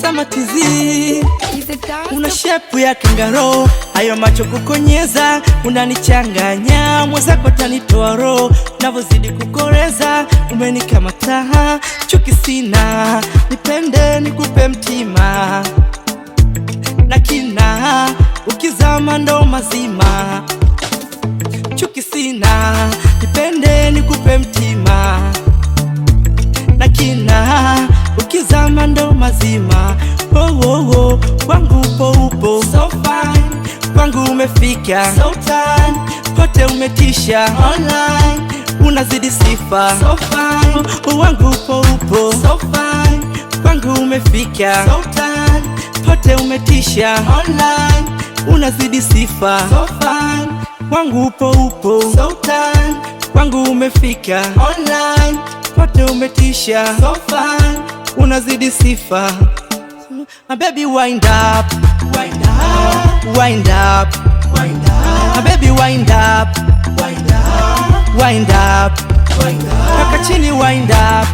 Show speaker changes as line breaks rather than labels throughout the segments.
samatizi una shepu ya kangaro, hayo macho kukonyeza, unanichanganya mwenzako tanitoa navyozidi kukoreza, umenikamata chuki sina, nipende nikupe mtima na kina, ukizama ndo mazima, chuki sina, nipende nikupe mtima ukitizama ndo mazima oh, oh, oh. Kwangu upo upo so fine. Kwangu umefika so time. Kote umetisha online. Unazidi sifa so fine. Wangu upo upo so fine. Kwangu umefika so time. Kote umetisha online. Unazidi sifa so fine. Wangu upo upo so time. Kwangu umefika online. Kote umetisha so fine unazidi sifa. My baby wind up,
wind up,
wind up,
wind up.
My baby wind up,
wind up,
wind up, wind up. Kaka chini wind up,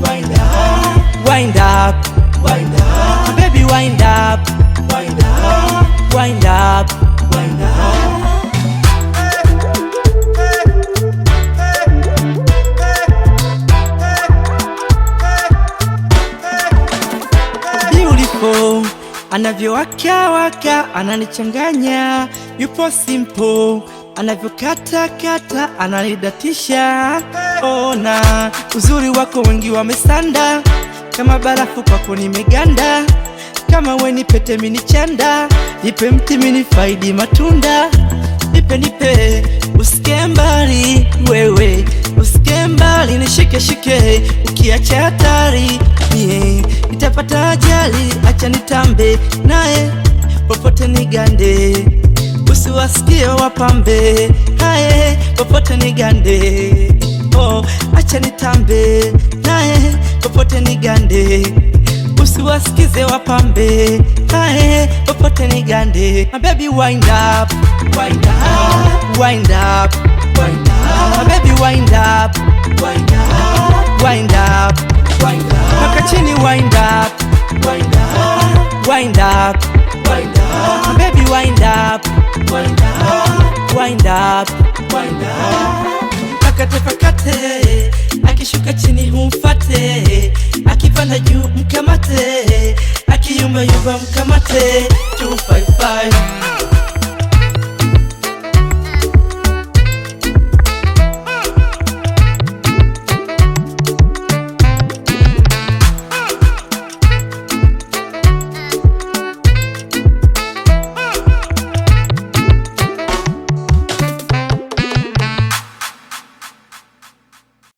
wind up,
wind up,
wind up.
My baby wind up,
wind up,
wind up. anavyowakawaka ananichanganya, yupo simple anavyokatakata ananidatisha. Ona uzuri wako, wengi wamesanda kama barafu, kwako nimeganda kama weni pete mini chanda, nipe mti mini faidi matunda, nipe nipe ukiacha hatari yeah, itapata ajali. Acha nitambe naye popote ni gande, usiwasikie wapambe naye popote ni gande Oh, acha nitambe naye popote ni gande, usiwasikize wapambe naye popote ni gande. My baby wind up,
wind up,
wind up,
wind up,
my baby wind up,
wind up
wind up, wind up. Mwaka chini wind up,
wind up.
Wind up.
Wind up.
Baby wind up,
wind up.
Wind up.
Wind up.
Pakate pakate, akishuka chini humfate, akipanda juu mkamate, akiyumba yumba mkamate 255